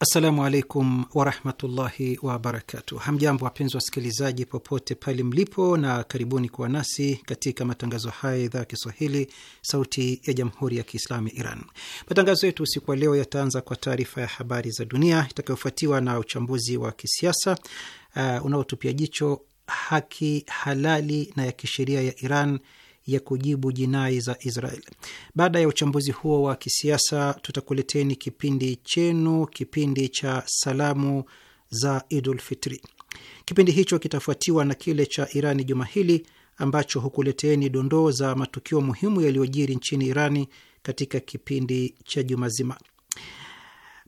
Assalamu alaikum warahmatullahi wabarakatu Hamjambo wapenzi wasikilizaji popote pale mlipo, na karibuni kuwa nasi katika matangazo haya ya idhaa ya Kiswahili, Sauti ya Jamhuri ya Kiislamu ya Iran. Matangazo yetu usiku wa leo yataanza kwa taarifa ya habari za dunia itakayofuatiwa na uchambuzi wa kisiasa uh, unaotupia jicho haki halali na ya kisheria ya Iran ya kujibu jinai za Israel. Baada ya uchambuzi huo wa kisiasa, tutakuleteni kipindi chenu, kipindi cha salamu za Idul Fitri. Kipindi hicho kitafuatiwa na kile cha Irani juma hili ambacho hukuleteeni dondoo za matukio muhimu yaliyojiri nchini Irani katika kipindi cha juma zima.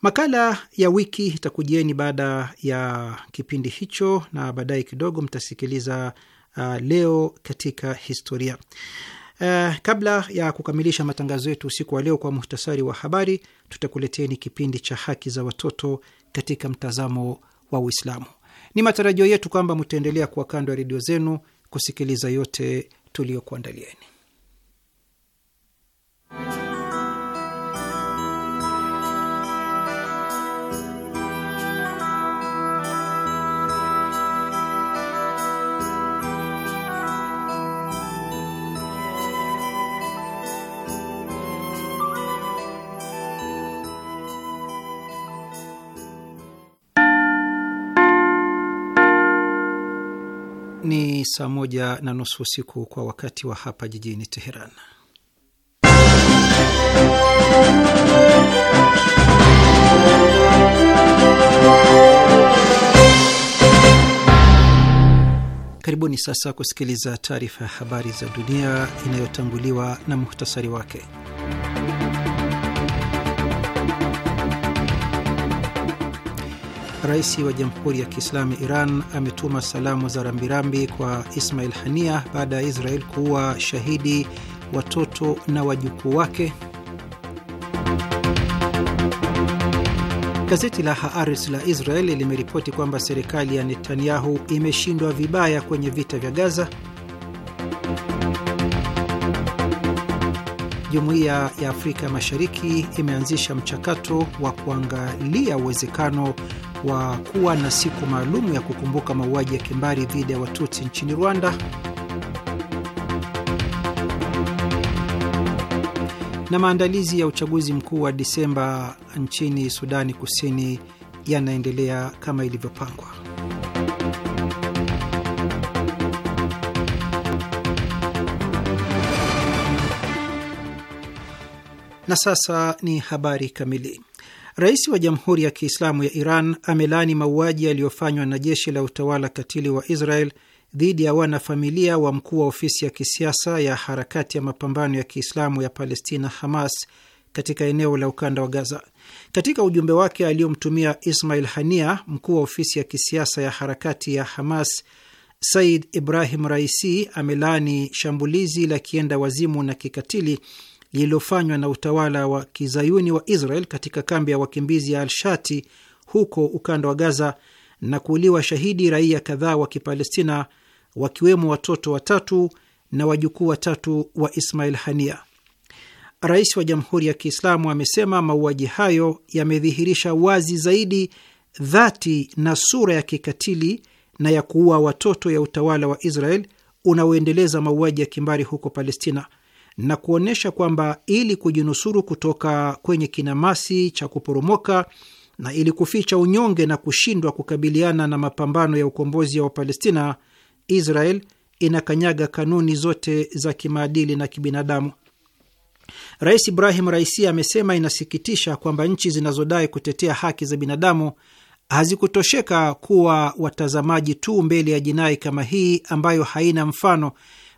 Makala ya wiki itakujieni baada ya kipindi hicho, na baadaye kidogo mtasikiliza uh, leo katika historia. Uh, kabla ya kukamilisha matangazo yetu usiku wa leo, kwa muhtasari wa habari, tutakuleteni kipindi cha haki za watoto katika mtazamo wa Uislamu. Ni matarajio yetu kwamba mtaendelea kuwa kando ya redio zenu kusikiliza yote tuliyokuandalieni. saa moja na nusu usiku kwa wakati wa hapa jijini Teheran. Karibuni sasa kusikiliza taarifa ya habari za dunia inayotanguliwa na muhtasari wake. Rais wa Jamhuri ya Kiislamu Iran ametuma salamu za rambirambi kwa Ismail Hania baada ya Israel kuua shahidi watoto na wajukuu wake. Gazeti la Haaris la Israel limeripoti kwamba serikali ya Netanyahu imeshindwa vibaya kwenye vita vya Gaza. Jumuiya ya Afrika Mashariki imeanzisha mchakato wa kuangalia uwezekano wa kuwa na siku maalum ya kukumbuka mauaji ya kimbari dhidi ya Watutsi nchini Rwanda, na maandalizi ya uchaguzi mkuu wa Disemba nchini Sudani Kusini yanaendelea kama ilivyopangwa. Na sasa ni habari kamili. Rais wa Jamhuri ya Kiislamu ya Iran amelaani mauaji yaliyofanywa na jeshi la utawala katili wa Israel dhidi ya wanafamilia wa mkuu wa ofisi ya kisiasa ya harakati ya mapambano ya Kiislamu ya Palestina, Hamas, katika eneo la ukanda wa Gaza. Katika ujumbe wake aliyomtumia Ismail Hania, mkuu wa ofisi ya kisiasa ya harakati ya Hamas, Said Ibrahim Raisi amelaani shambulizi la kienda wazimu na kikatili lililofanywa na utawala wa kizayuni wa Israel katika kambi ya wakimbizi ya Alshati huko ukanda wa Gaza na kuuliwa shahidi raia kadhaa wa Kipalestina, wakiwemo watoto watatu na wajukuu watatu wa Ismail Hania. Rais wa Jamhuri ya Kiislamu amesema mauaji hayo yamedhihirisha wazi zaidi dhati na sura ya kikatili na ya kuua watoto ya utawala wa Israel unaoendeleza mauaji ya kimbari huko Palestina na kuonyesha kwamba ili kujinusuru kutoka kwenye kinamasi cha kuporomoka na ili kuficha unyonge na kushindwa kukabiliana na mapambano ya ukombozi ya Wapalestina, Israel inakanyaga kanuni zote za kimaadili na kibinadamu. Rais Ibrahim Raisi amesema inasikitisha kwamba nchi zinazodai kutetea haki za binadamu hazikutosheka kuwa watazamaji tu mbele ya jinai kama hii ambayo haina mfano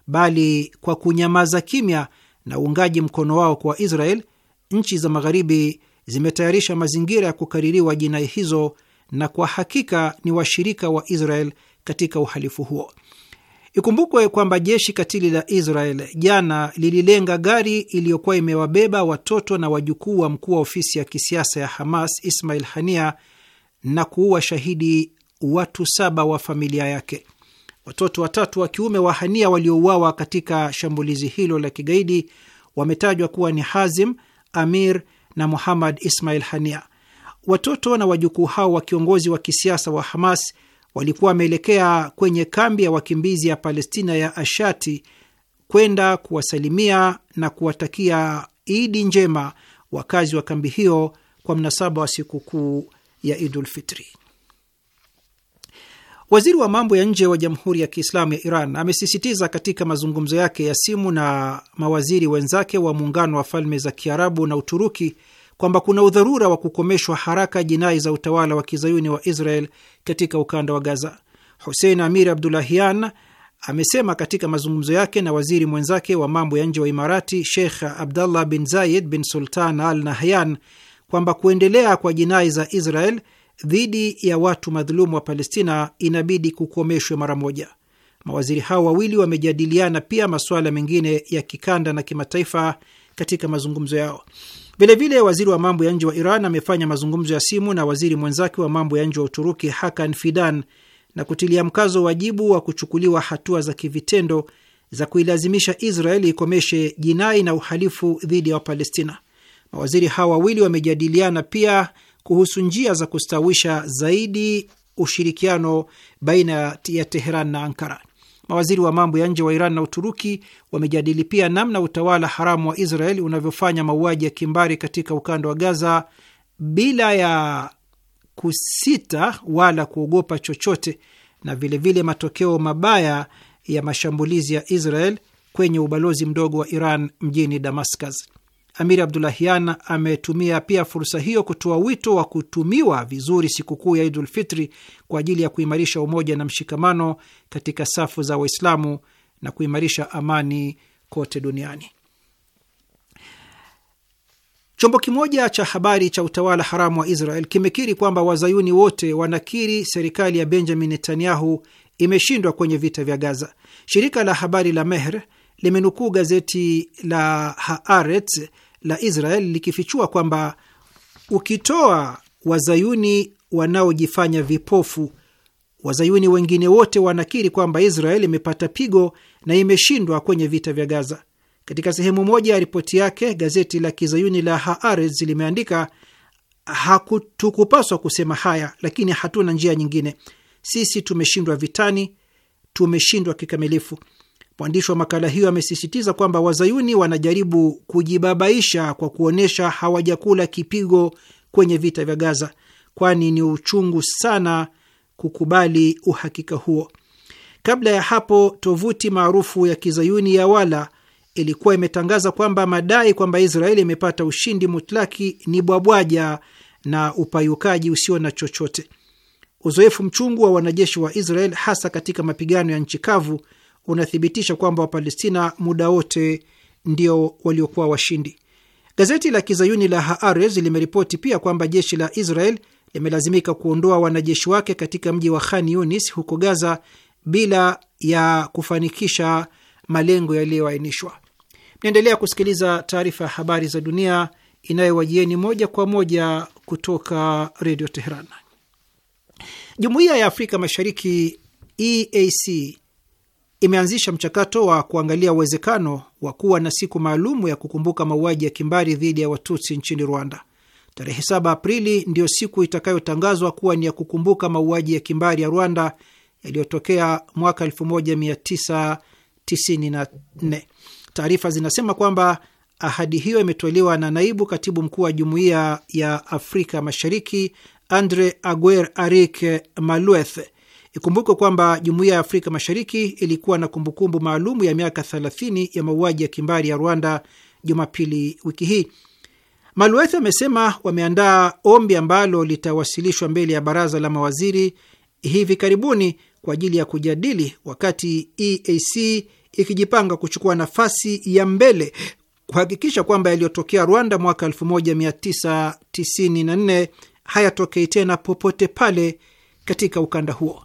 bali kwa kunyamaza kimya na uungaji mkono wao kwa Israel, nchi za Magharibi zimetayarisha mazingira ya kukaririwa jinai hizo, na kwa hakika ni washirika wa Israel katika uhalifu huo. Ikumbukwe kwamba jeshi katili la Israel jana lililenga gari iliyokuwa imewabeba watoto na wajukuu wa mkuu wa ofisi ya kisiasa ya Hamas Ismail Hania na kuua shahidi watu saba wa familia yake. Watoto watatu wa kiume wa Hania waliouawa katika shambulizi hilo la kigaidi wametajwa kuwa ni Hazim, Amir na Muhammad Ismail Hania. Watoto na wajukuu hao wa kiongozi wa kisiasa wa Hamas walikuwa wameelekea kwenye kambi ya wakimbizi ya Palestina ya Ashati kwenda kuwasalimia na kuwatakia Idi njema wakazi wa kambi hiyo kwa mnasaba wa sikukuu ya Idulfitri. Waziri wa mambo ya nje wa Jamhuri ya Kiislamu ya Iran amesisitiza katika mazungumzo yake ya simu na mawaziri wenzake wa Muungano wa Falme za Kiarabu na Uturuki kwamba kuna udharura wa kukomeshwa haraka jinai za utawala wa kizayuni wa Israel katika ukanda wa Gaza. Hussein Amir Abdulahian amesema katika mazungumzo yake na waziri mwenzake wa mambo ya nje wa Imarati Sheikh Abdallah bin Zayed bin Sultan Al Nahyan kwamba kuendelea kwa jinai za Israel dhidi ya watu madhulumu wa Palestina inabidi kukomeshwe mara moja. Mawaziri hao wawili wamejadiliana pia masuala mengine ya kikanda na kimataifa katika mazungumzo yao. Vilevile, waziri wa mambo ya nje wa Iran amefanya mazungumzo ya simu na waziri mwenzake wa mambo ya nje wa Uturuki Hakan Fidan na kutilia mkazo wajibu wa kuchukuliwa hatua za kivitendo za kuilazimisha Israeli ikomeshe jinai na uhalifu dhidi ya Wapalestina. Mawaziri hawa wawili wamejadiliana pia kuhusu njia za kustawisha zaidi ushirikiano baina ya Teheran na Ankara. Mawaziri wa mambo ya nje wa Iran na Uturuki wamejadili pia namna utawala haramu wa Israel unavyofanya mauaji ya kimbari katika ukanda wa Gaza bila ya kusita wala kuogopa chochote, na vilevile vile matokeo mabaya ya mashambulizi ya Israel kwenye ubalozi mdogo wa Iran mjini Damascus. Amir Abdulahian ametumia pia fursa hiyo kutoa wito wa kutumiwa vizuri sikukuu ya Idul Fitri kwa ajili ya kuimarisha umoja na mshikamano katika safu za Waislamu na kuimarisha amani kote duniani. Chombo kimoja cha habari cha utawala haramu wa Israel kimekiri kwamba wazayuni wote wanakiri serikali ya Benjamin Netanyahu imeshindwa kwenye vita vya Gaza. Shirika la habari la Mehr limenukuu gazeti la Haaretz la Israel likifichua kwamba ukitoa wazayuni wanaojifanya vipofu, wazayuni wengine wote wanakiri kwamba Israel imepata pigo na imeshindwa kwenye vita vya Gaza. Katika sehemu moja ya ripoti yake, gazeti la kizayuni la Haaretz limeandika hatukupaswa kusema haya, lakini hatuna njia nyingine. Sisi tumeshindwa vitani, tumeshindwa kikamilifu. Mwandishi wa makala hiyo amesisitiza kwamba wazayuni wanajaribu kujibabaisha kwa kuonyesha hawajakula kipigo kwenye vita vya Gaza, kwani ni uchungu sana kukubali uhakika huo. Kabla ya hapo, tovuti maarufu ya kizayuni ya Wala ilikuwa imetangaza kwamba madai kwamba Israeli imepata ushindi mutlaki ni bwabwaja na upayukaji usio na chochote. Uzoefu mchungu wa wanajeshi wa Israel hasa katika mapigano ya nchi kavu unathibitisha kwamba Wapalestina muda wote ndio waliokuwa washindi. Gazeti la kizayuni la Haaretz limeripoti pia kwamba jeshi la Israel limelazimika kuondoa wanajeshi wake katika mji wa Khan Yunis huko Gaza bila ya kufanikisha malengo yaliyoainishwa. Mnaendelea kusikiliza taarifa ya habari za dunia inayowajieni moja kwa moja kutoka redio Teheran. Jumuiya ya Afrika Mashariki EAC imeanzisha mchakato wa kuangalia uwezekano wa kuwa na siku maalumu ya kukumbuka mauaji ya kimbari dhidi ya Watutsi nchini Rwanda. Tarehe 7 Aprili ndiyo siku itakayotangazwa kuwa ni ya kukumbuka mauaji ya kimbari ya Rwanda yaliyotokea mwaka 1994. Taarifa zinasema kwamba ahadi hiyo imetolewa na naibu katibu mkuu wa jumuiya ya Afrika Mashariki Andre Aguer Arik Malueth Ikumbukwe kwamba jumuiya ya Afrika Mashariki ilikuwa na kumbukumbu maalum ya miaka 30 ya mauaji ya kimbari ya Rwanda Jumapili wiki hii. Maluetha amesema wameandaa ombi ambalo litawasilishwa mbele ya baraza la mawaziri hivi karibuni kwa ajili ya kujadili, wakati EAC ikijipanga kuchukua nafasi ya mbele kuhakikisha kwamba yaliyotokea Rwanda mwaka 1994 hayatokei tena popote pale katika ukanda huo.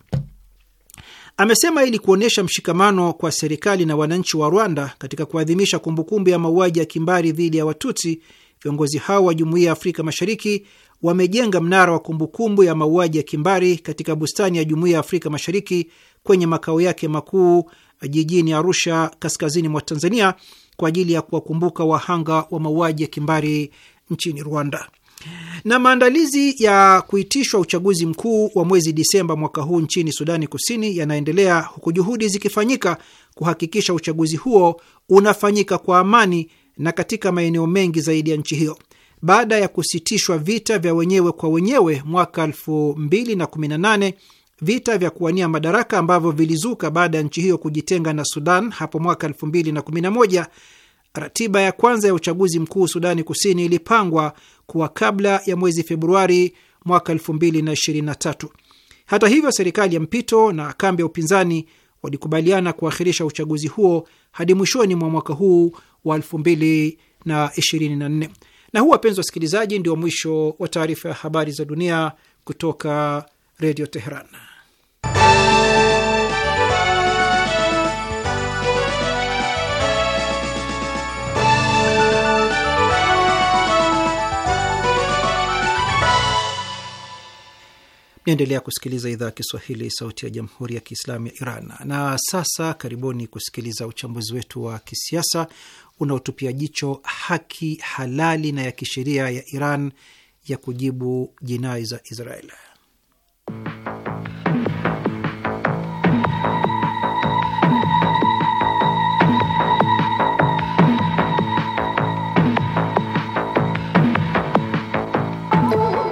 Amesema ili kuonyesha mshikamano kwa serikali na wananchi wa Rwanda katika kuadhimisha kumbukumbu ya mauaji ya kimbari dhidi ya Watutsi, viongozi hao wa Jumuiya ya Afrika Mashariki wamejenga mnara wa kumbukumbu ya mauaji ya kimbari katika bustani ya Jumuiya ya Afrika Mashariki kwenye makao yake makuu jijini Arusha, kaskazini mwa Tanzania, kwa ajili ya kuwakumbuka wahanga wa mauaji ya kimbari nchini Rwanda. Na maandalizi ya kuitishwa uchaguzi mkuu wa mwezi Disemba mwaka huu nchini Sudani Kusini yanaendelea huku juhudi zikifanyika kuhakikisha uchaguzi huo unafanyika kwa amani na katika maeneo mengi zaidi ya nchi hiyo. Baada ya kusitishwa vita vya wenyewe kwa wenyewe mwaka 2018, vita vya kuwania madaraka ambavyo vilizuka baada ya nchi hiyo kujitenga na Sudan hapo mwaka 2011, ratiba ya kwanza ya uchaguzi mkuu Sudani Kusini ilipangwa kuwa kabla ya mwezi Februari mwaka 2023. Hata hivyo, serikali ya mpito na kambi ya upinzani walikubaliana kuahirisha uchaguzi huo hadi mwishoni mwa mwaka huu wa 2024. Na huu, wapenzi wasikilizaji, ndio mwisho wa taarifa ya habari za dunia kutoka Redio Teheran. Naendelea kusikiliza idhaa ya Kiswahili, sauti ya jamhuri ya kiislamu ya Iran. Na sasa karibuni kusikiliza uchambuzi wetu wa kisiasa unaotupia jicho haki halali na ya kisheria ya Iran ya kujibu jinai za Israeli.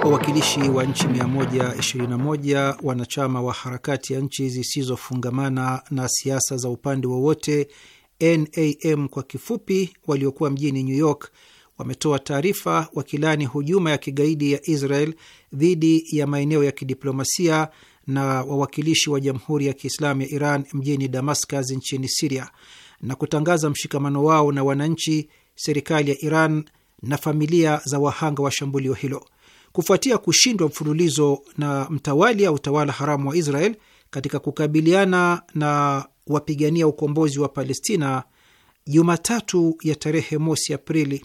Wawakilishi wa nchi 121 wanachama wa harakati ya nchi zisizofungamana na siasa za upande wowote NAM kwa kifupi, waliokuwa mjini New York wametoa taarifa wakilani hujuma ya kigaidi ya Israel dhidi ya maeneo ya kidiplomasia na wawakilishi wa Jamhuri ya Kiislamu ya Iran mjini Damascus nchini Siria na kutangaza mshikamano wao na wananchi, serikali ya Iran na familia za wahanga wa shambulio hilo kufuatia kushindwa mfululizo na mtawali au utawala haramu wa Israel katika kukabiliana na wapigania ukombozi wa Palestina. Jumatatu ya tarehe mosi Aprili,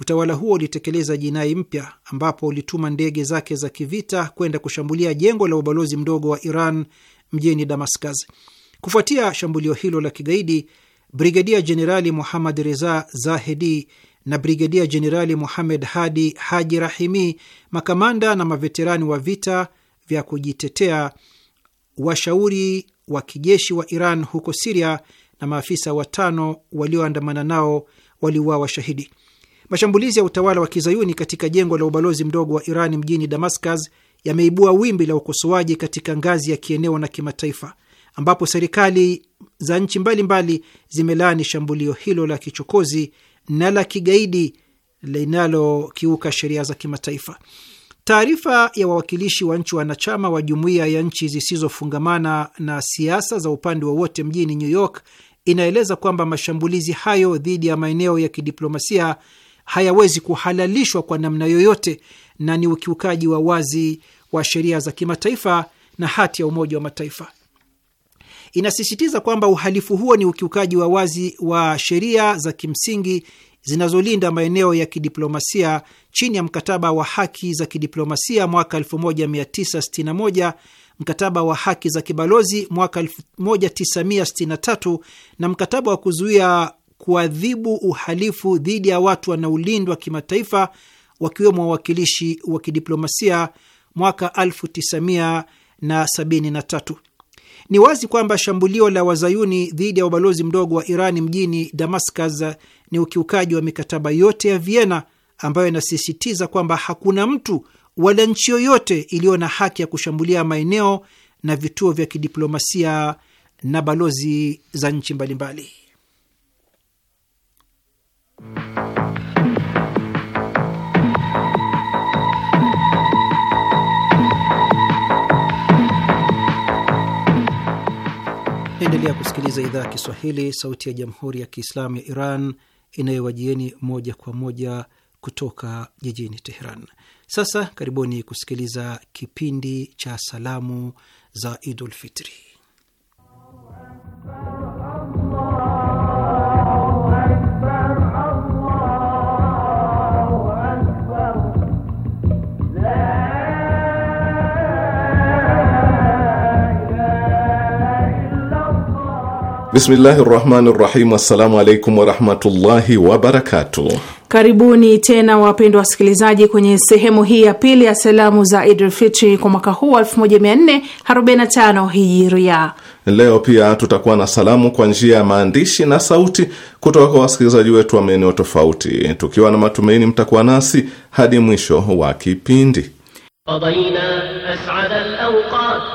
utawala huo ulitekeleza jinai mpya ambapo ulituma ndege zake za kivita kwenda kushambulia jengo la ubalozi mdogo wa Iran mjini Damascus. Kufuatia shambulio hilo la kigaidi, Brigedia Jenerali Muhammad Reza Zahedi na Brigedia Jenerali muhamed Hadi Haji Rahimi, makamanda na maveterani wa vita vya kujitetea, washauri wa kijeshi wa Iran huko Siria na maafisa watano walioandamana nao waliuawa shahidi. Mashambulizi ya utawala wa kizayuni katika jengo la ubalozi mdogo wa Iran mjini Damascus yameibua wimbi la ukosoaji katika ngazi ya kieneo na kimataifa, ambapo serikali za nchi mbalimbali zimelaani shambulio hilo la kichokozi na la kigaidi linalokiuka sheria za kimataifa. Taarifa ya wawakilishi wa nchi wanachama wa jumuiya ya nchi zisizofungamana na siasa za upande wowote mjini New York inaeleza kwamba mashambulizi hayo dhidi ya maeneo ya kidiplomasia hayawezi kuhalalishwa kwa namna yoyote na ni ukiukaji wa wazi wa sheria za kimataifa na hati ya Umoja wa Mataifa. Inasisitiza kwamba uhalifu huo ni ukiukaji wa wazi wa sheria za kimsingi zinazolinda maeneo ya kidiplomasia chini ya mkataba wa haki za kidiplomasia mwaka 1961, mkataba wa haki za kibalozi mwaka 1963 na mkataba wa kuzuia kuadhibu uhalifu dhidi ya watu wanaolindwa kimataifa wakiwemo wawakilishi wa kidiplomasia mwaka 1973. Ni wazi kwamba shambulio la wazayuni dhidi ya ubalozi mdogo wa Iran mjini Damascus ni ukiukaji wa mikataba yote ya Vienna ambayo inasisitiza kwamba hakuna mtu wala nchi yoyote iliyo na haki ya kushambulia maeneo na vituo vya kidiplomasia na balozi za nchi mbalimbali. Naendelea kusikiliza idhaa ya Kiswahili, sauti ya jamhuri ya kiislamu ya Iran inayowajieni moja kwa moja kutoka jijini Teheran. Sasa karibuni kusikiliza kipindi cha salamu za Idulfitri. Bismillahi rahmani rahim. Assalamu alaikum warahmatullahi wabarakatuh. Karibuni tena wapendwa wasikilizaji kwenye sehemu hii ya pili ya salamu za Idul Fitri kwa mwaka huu 1445 Hijiria. Leo pia tutakuwa na salamu kwa njia ya maandishi na sauti kutoka kwa wasikilizaji wetu wa maeneo tofauti, tukiwa na matumaini mtakuwa nasi hadi mwisho wa kipindi.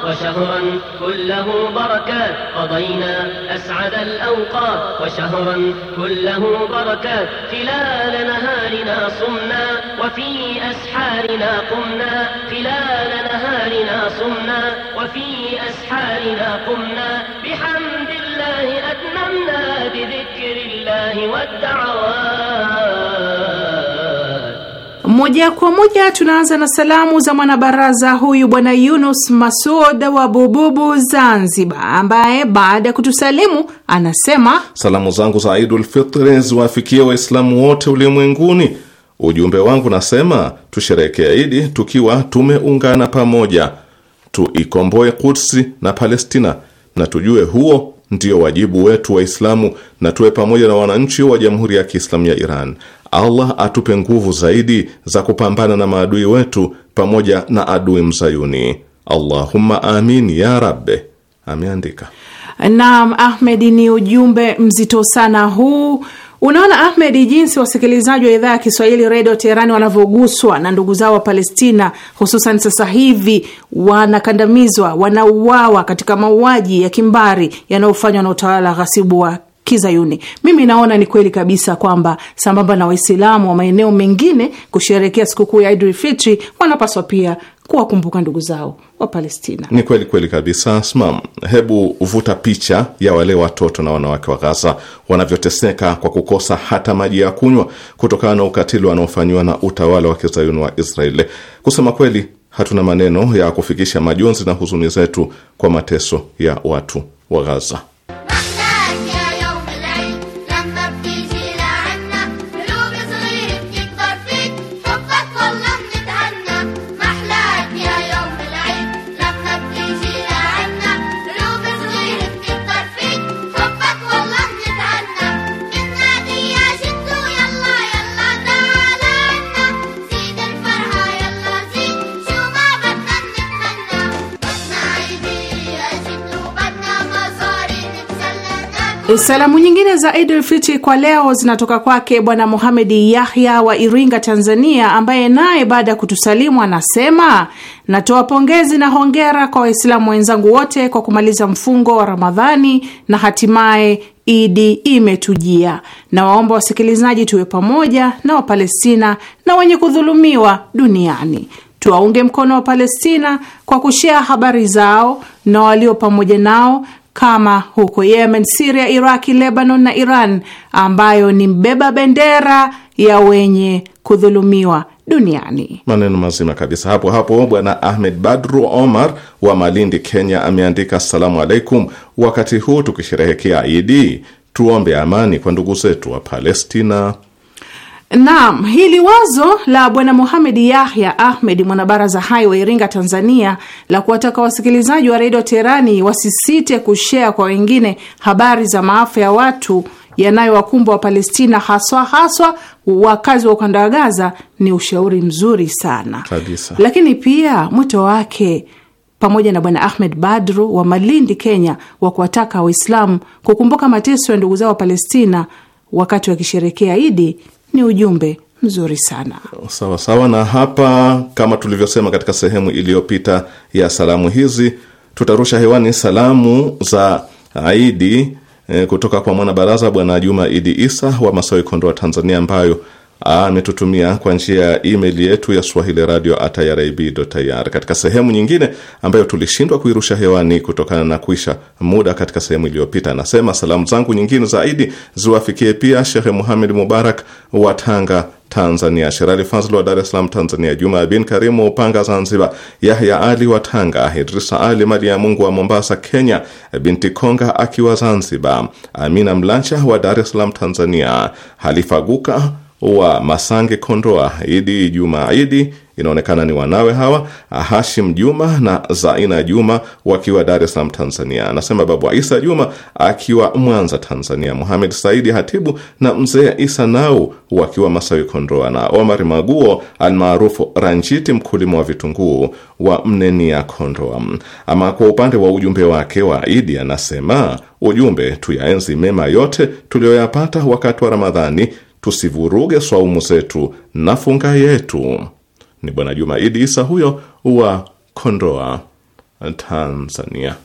وشهرا كله بركات قضينا أسعد الأوقات وشهرا كله بركات خلال نهارنا صمنا وفي أسحارنا قمنا خلال نهارنا صمنا وفي أسحارنا قمنا بحمد الله أتممنا بذكر الله والدعوات Moja kwa moja tunaanza na salamu za mwanabaraza huyu bwana Yunus Masud wa Bububu, Zanzibar, ambaye baada ya kutusalimu anasema salamu zangu za Idul Fitri ziwafikie Waislamu wote ulimwenguni. Ujumbe wangu nasema tusherekee Idi tukiwa tumeungana pamoja, tuikomboe Kudsi na Palestina, na tujue huo ndiyo wajibu wetu Waislamu na tuwe pamoja na wananchi wa Jamhuri ya Kiislamu ya Iran. Allah atupe nguvu zaidi za kupambana na maadui wetu pamoja na adui mzayuni. Allahumma amin ya rabbe, ameandika. Naam, Ahmed, ni ujumbe mzito sana huu Unaona Ahmed, jinsi wasikilizaji wa idhaa ya Kiswahili redio Teherani wanavyoguswa na ndugu zao wa Palestina, hususan sasa hivi wanakandamizwa, wanauawa katika mauaji ya kimbari yanayofanywa na utawala ghasibu wa Kizayuni. Mimi naona ni kweli kabisa kwamba sambamba na Waislamu wa maeneo mengine kusherehekea sikukuu ya Idul Fitri, wanapaswa pia kuwakumbuka ndugu zao wa Palestina. Ni kweli kweli kabisa. Asma, hebu vuta picha ya wale watoto na wanawake wa Gaza wanavyoteseka kwa kukosa hata maji ya kunywa kutokana na ukatili wanaofanyiwa na utawala wa kizayuni wa Israeli. Kusema kweli, hatuna maneno ya kufikisha majonzi na huzuni zetu kwa mateso ya watu wa Gaza. E, salamu nyingine za Idul Fitri kwa leo zinatoka kwake Bwana Muhamedi Yahya wa Iringa, Tanzania, ambaye naye baada ya kutusalimu anasema natoa pongezi na hongera kwa Waislamu wenzangu wote kwa kumaliza mfungo wa Ramadhani na hatimaye Idi imetujia. Na waomba wasikilizaji tuwe pamoja na Wapalestina na wenye kudhulumiwa duniani. Tuwaunge mkono wa Palestina kwa kushea habari zao na walio pamoja nao kama huko Yemen, Siria, Iraki, Lebanon na Iran, ambayo ni mbeba bendera ya wenye kudhulumiwa duniani. Maneno mazima kabisa. Hapo hapo Bwana Ahmed Badru Omar wa Malindi, Kenya, ameandika assalamu alaikum. Wakati huu tukisherehekea Idi, tuombe amani kwa ndugu zetu wa Palestina. Naam, hili wazo la bwana Mohamed Yahya Ahmed, mwanabaraza hai wa Iringa, Tanzania, la kuwataka wasikilizaji wa redio Teherani wasisite kushea kwa wengine habari za maafa ya watu wa Wapalestina, haswa haswa wakazi wa ukanda wa Gaza, ni ushauri mzuri sana kabisa. Lakini pia mwito wake pamoja na bwana Ahmed Badru wa Malindi, Kenya, wa kuwataka Waislamu kukumbuka mateso ya ndugu zao wa Palestina wakati wakisherekea Idi ni ujumbe mzuri sana. Sawa sawa, na hapa kama tulivyosema katika sehemu iliyopita ya salamu hizi, tutarusha hewani salamu za Aidi eh, kutoka kwa mwanabaraza Bwana Juma Idi Isa wa Masawi, Kondoa, Tanzania, ambayo ametutumia kwa njia ya email yetu ya swahili radio at irib.ir. Katika sehemu nyingine ambayo tulishindwa kuirusha hewani kutokana na kuisha muda katika sehemu iliyopita, anasema salamu zangu nyingine zaidi ziwafikie pia Shekhe Muhamed Mubarak wa Tanga Tanzania, Sherali Fazl wa Dar es Salaam Tanzania, Juma bin Karimu wa Upanga Zanzibar, Yahya Ali wa Tanga, Idrisa Ali mali ya Mungu wa Mombasa Kenya, Binti Konga akiwa Zanzibar, Amina Mlancha wa Dar es Salaam Tanzania, Halifa Guka wa Masange, Kondoa, Idi Juma Idi, inaonekana ni wanawe hawa ah, Hashim Juma na Zaina Juma wakiwa Dar es Salaam, Tanzania. Anasema babu Isa Juma akiwa Mwanza, Tanzania, Muhamed Saidi Hatibu na mzee Isa Nau wakiwa Masawi, Kondoa, na Omar Maguo almaarufu Ranjiti, mkulima wa vitunguu wa ya Kondoa. Ama kwa upande wa ujumbe wake wa Idi anasema ujumbe, tuyaenzi mema yote tuliyoyapata wakati wa Ramadhani tusivuruge swaumu zetu na funga yetu. Ni Bwana Jumaidi Isa huyo wa Kondoa, Tanzania.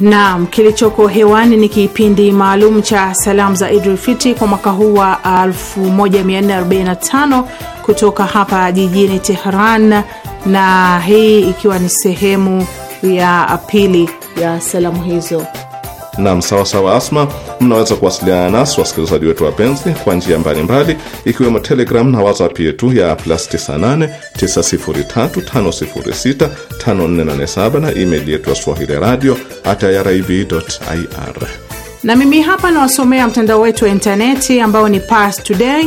Naam, kilichoko hewani ni kipindi maalum cha salamu za Idul fiti kwa mwaka huu wa 1445 kutoka hapa jijini Tehran, na hii ikiwa ni sehemu ya pili ya salamu hizo. Nam sawasawa Asma. Mnaweza kuwasiliana nasi wasikilizaji wetu wapenzi kwa njia mbalimbali, ikiwemo Telegram na WhatsApp yetu ya plus 98 na email yetu ya swahili radio at irib ir. Na mimi hapa nawasomea mtandao wetu wa intaneti ambao ni parstoday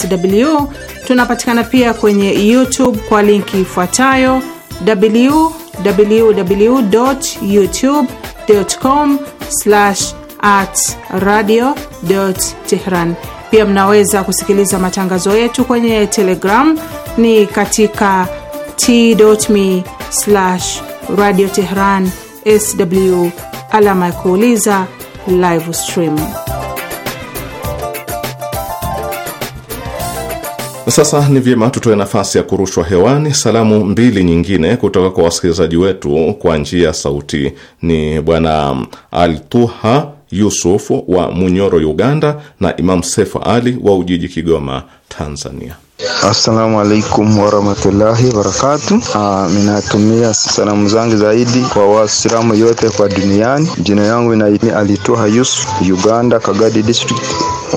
sw. Tunapatikana pia kwenye YouTube kwa linki ifuatayo www.youtube.com at radio Tehran. Pia mnaweza kusikiliza matangazo yetu kwenye Telegram ni katika t.me radio Tehran sw alama ya kuuliza live stream. Na sasa ni vyema tutoe nafasi ya kurushwa hewani salamu mbili nyingine kutoka kwa wasikilizaji wetu kwa njia ya sauti. Ni Bwana Altuha Yusufu wa Munyoro, Uganda, na Imam Sefu Ali wa Ujiji, Kigoma, Tanzania. Assalamu alaikum warahmatullahi wabarakatu. Ah, ninatumia salamu zangu zaidi kwa Waislamu yote kwa duniani. Jina yangu ni Alitoha Yusuf, Uganda, Kagadi District,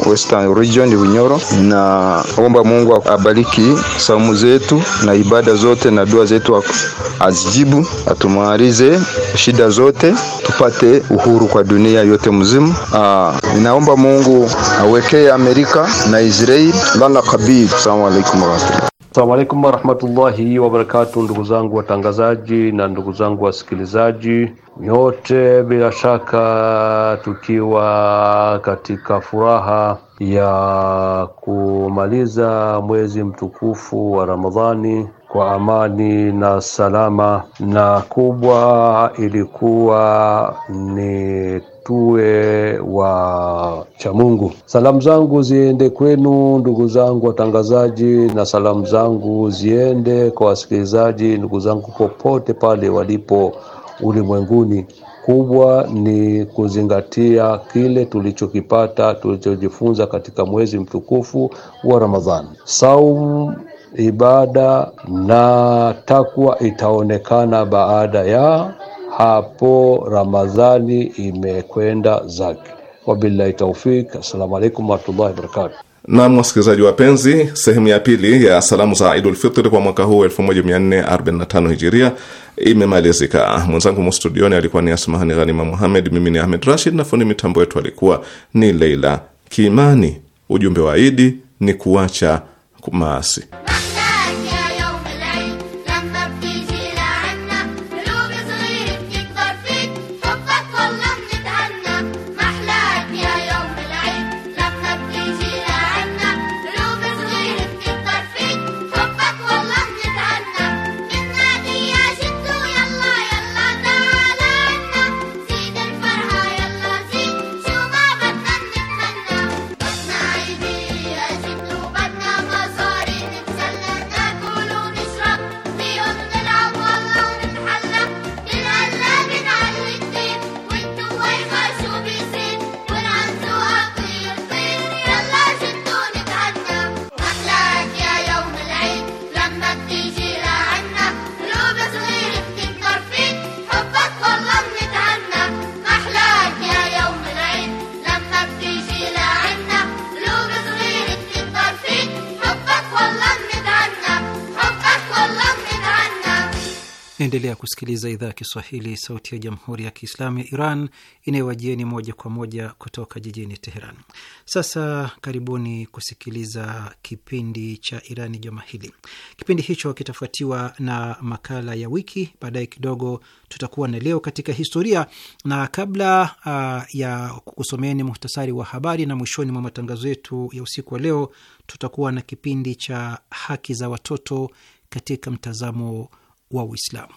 Western Region, Bunyoro. Na omba Mungu abariki saumu zetu na ibada zote na dua zetu azijibu, atumalize shida zote, tupate uhuru kwa dunia yote mzima. Ah, ninaomba Mungu awekee Amerika na Israeli lana kabili alaikum warahmatullahi Assalamu alaikum warahmatullahi wabarakatu, ndugu zangu watangazaji na ndugu zangu wasikilizaji nyote, bila shaka tukiwa katika furaha ya kumaliza mwezi mtukufu wa Ramadhani kwa amani na salama, na kubwa ilikuwa ni tuwe wa cha Mungu. Salamu zangu ziende kwenu ndugu zangu watangazaji, na salamu zangu ziende kwa wasikilizaji, ndugu zangu popote pale walipo ulimwenguni. Kubwa ni kuzingatia kile tulichokipata, tulichojifunza katika mwezi mtukufu wa Ramadhani. Saum, ibada na takwa itaonekana baada ya hapo Ramadhani imekwenda zake. Wabillahi taufik, assalamu alaikum warahmatullahi wabarakatu. Nam, wasikilizaji wapenzi, sehemu ya pili ya salamu za Idul kwa mwaka huu 1445 hijiria imemalizika. Mwenzangu mu studioni alikuwa ni Asmahani Ghanima Muhamed, mimi ni Ahmed Rashid na fundi mitambo yetu alikuwa ni Leila Kimani. Ujumbe wa Idi ni kuacha maasi. kusikiliza idhaa ya Kiswahili, sauti ya jamhuri ya kiislamu ya Iran inayowajieni moja kwa moja kutoka jijini Teheran. Sasa karibuni kusikiliza kipindi cha Irani juma hili. Kipindi hicho kitafuatiwa na makala ya wiki. Baadaye kidogo tutakuwa na leo katika historia, na kabla uh, ya kukusomeeni muhtasari wa habari, na mwishoni mwa matangazo yetu ya usiku wa leo tutakuwa na kipindi cha haki za watoto katika mtazamo wa Uislamu.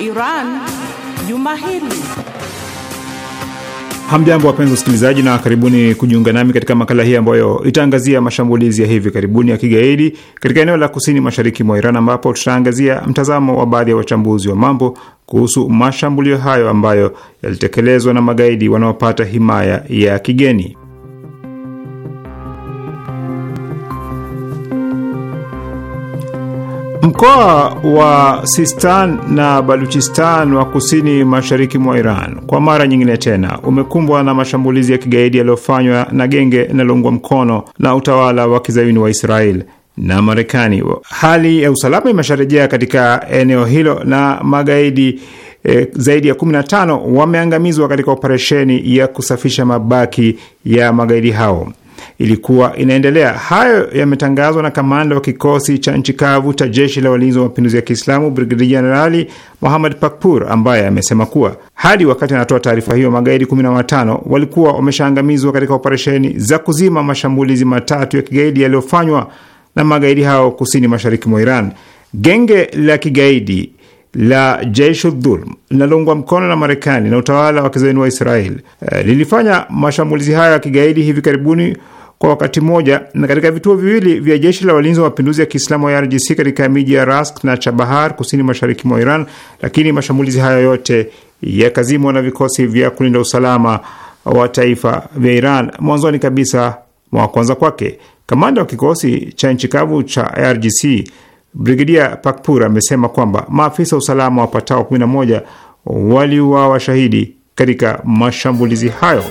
Iran juma hili. Hamjambo, wapenzi wasikilizaji, na karibuni kujiunga nami katika makala hii ambayo itaangazia mashambulizi ya hivi karibuni ya kigaidi katika eneo la kusini mashariki mwa Iran, ambapo tutaangazia mtazamo wa baadhi ya wachambuzi wa mambo kuhusu mashambulio hayo ambayo yalitekelezwa na magaidi wanaopata himaya ya kigeni. Mkoa wa Sistan na Baluchistan wa kusini mashariki mwa Iran kwa mara nyingine tena umekumbwa na mashambulizi ya kigaidi yaliyofanywa na genge linaloungwa mkono na utawala wa kizayuni wa Israel na Marekani. Hali ya usalama imesharejea katika eneo hilo na magaidi E, zaidi ya 15 wameangamizwa katika operesheni ya kusafisha mabaki ya magaidi hao ilikuwa inaendelea. Hayo yametangazwa na kamanda wa kikosi cha nchi kavu cha jeshi la walinzi wa mapinduzi ya Kiislamu, Brigedia Jenerali Mohamad Pakpur, ambaye amesema kuwa hadi wakati anatoa taarifa hiyo magaidi 15 walikuwa wameshaangamizwa katika operesheni za kuzima mashambulizi matatu ya kigaidi yaliyofanywa na magaidi hao kusini mashariki mwa Iran. Genge la kigaidi la Jeishudhulm linaloungwa mkono na Marekani na utawala wa kizayuni wa Israel eh, lilifanya mashambulizi hayo ya kigaidi hivi karibuni kwa wakati mmoja na katika vituo viwili vya jeshi la walinzi wa mapinduzi ya Kiislamu wa RGC katika miji ya Rask na Chabahar kusini mashariki mwa Iran, lakini mashambulizi hayo yote yakazimwa na vikosi vya kulinda usalama wa taifa vya Iran mwanzoni kabisa mwa kwanza kwake. Kamanda wa kikosi cha nchi kavu cha IRGC Brigedia Pakpur amesema kwamba maafisa wa usalama wapatao 11 waliuawa shahidi katika mashambulizi hayo.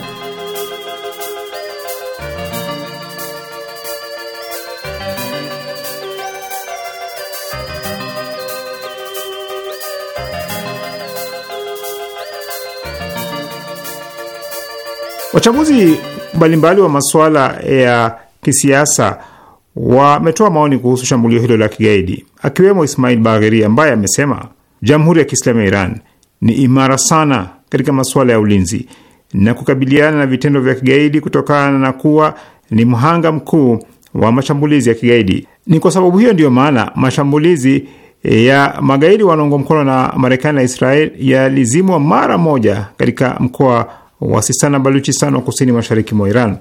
Wachambuzi mbalimbali wa masuala ya kisiasa wametoa maoni kuhusu shambulio hilo la kigaidi, akiwemo Ismail Bagheri ambaye amesema Jamhuri ya Kiislamu ya Iran ni imara sana katika masuala ya ulinzi na kukabiliana na vitendo vya kigaidi kutokana na kuwa ni mhanga mkuu wa mashambulizi ya kigaidi. Ni kwa sababu hiyo ndiyo maana mashambulizi e, ya magaidi wanaungwa mkono na Marekani na Israel yalizimwa mara moja katika mkoa Wasistan na Baluchistan wa kusini mashariki mwa Iran.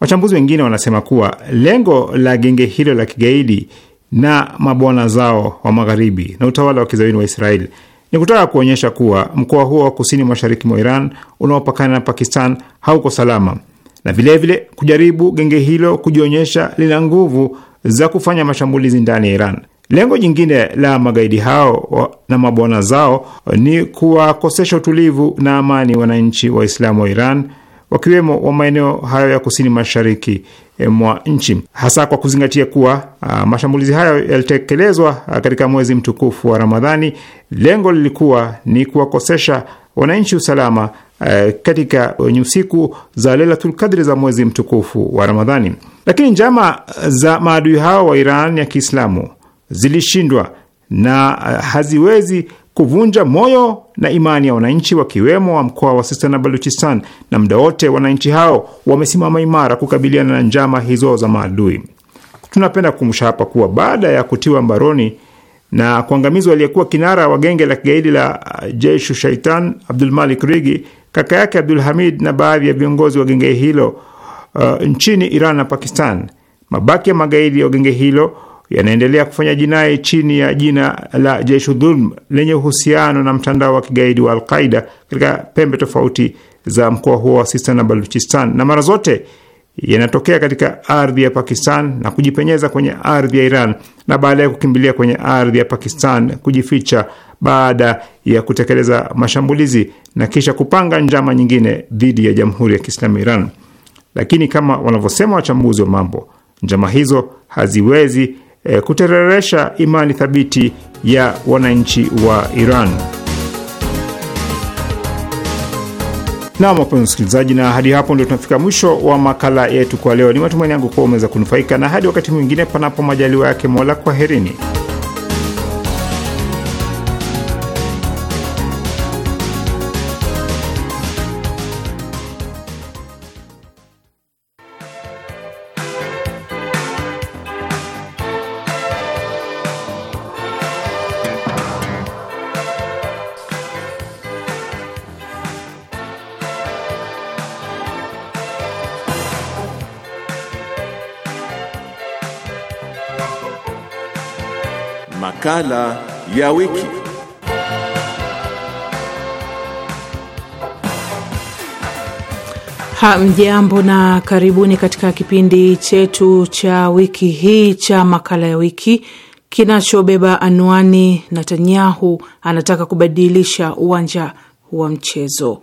Wachambuzi wengine wanasema kuwa lengo la genge hilo la kigaidi na mabwana zao wa magharibi na utawala wa kizawini wa Israeli ni kutaka kuonyesha kuwa mkoa huo wa kusini mashariki mwa Iran unaopakana na Pakistan hauko salama na vilevile kujaribu genge hilo kujionyesha lina nguvu za kufanya mashambulizi ndani ya Iran. Lengo jingine la magaidi hao na mabwana zao ni kuwakosesha utulivu na amani wananchi Waislamu wa Iran wakiwemo wa maeneo hayo ya kusini mashariki eh, mwa nchi, hasa kwa kuzingatia kuwa a, ah, mashambulizi hayo yalitekelezwa ah, katika mwezi mtukufu wa Ramadhani. Lengo lilikuwa ni kuwakosesha wananchi usalama a, eh, katika nyusiku za Lailatul Qadri za mwezi mtukufu wa Ramadhani, lakini njama ah, za maadui hao wa Iran ya Kiislamu zilishindwa na eh, haziwezi kuvunja moyo na imani ya wananchi wakiwemo wa mkoa wa Sistan na Baluchistan, na muda wote wananchi hao wamesimama imara kukabiliana na njama hizo za maadui. Tunapenda kukumbusha hapa kuwa baada ya kutiwa mbaroni na kuangamizwa aliyekuwa kinara wa genge la kigaidi la eh, Jeshu Shaitan Malik Rigi, kaka yake Abdul Hamid na baadhi ya viongozi wa genge hilo uh, nchini Iran na Pakistan, mabaki ya magaidi wa genge hilo yanaendelea kufanya jinai chini ya jina la dhulm lenye uhusiano na mtandao wa kigaidi wa Alqaida katika pembe tofauti za mkoa huo wa Sistan na Baluchistan, na mara zote yanatokea katika ardhi ya Pakistan na kujipenyeza kwenye ardhi ya Iran na baadaye kukimbilia kwenye ardhi ya Pakistan kujificha baada ya kutekeleza mashambulizi na kisha kupanga njama nyingine dhidi ya Jamhuri ya Kiislamu ya Iran. Lakini kama wanavyosema wachambuzi wa mambo, njama hizo haziwezi e, eh, kutereresha imani thabiti ya wananchi wa Iran. nam wapenzi msikilizaji, na hadi hapo ndio tunafika mwisho wa makala yetu kwa leo. Ni matumaini yangu kuwa umeweza kunufaika, na hadi wakati mwingine, panapo majaliwa yake Mola, kwaherini. Makala ya wiki. Hamjambo na karibuni katika kipindi chetu cha wiki hii cha makala ya wiki kinachobeba anwani Netanyahu anataka kubadilisha uwanja wa mchezo.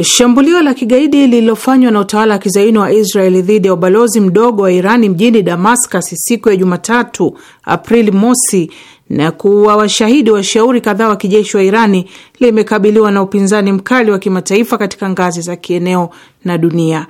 Shambulio la kigaidi lililofanywa na utawala wa kizaini wa israel dhidi ya ubalozi mdogo wa Irani mjini Damascus siku ya Jumatatu, Aprili mosi, na kuwa washahidi washauri kadhaa wa kijeshi wa Irani limekabiliwa na upinzani mkali wa kimataifa katika ngazi za kieneo na dunia.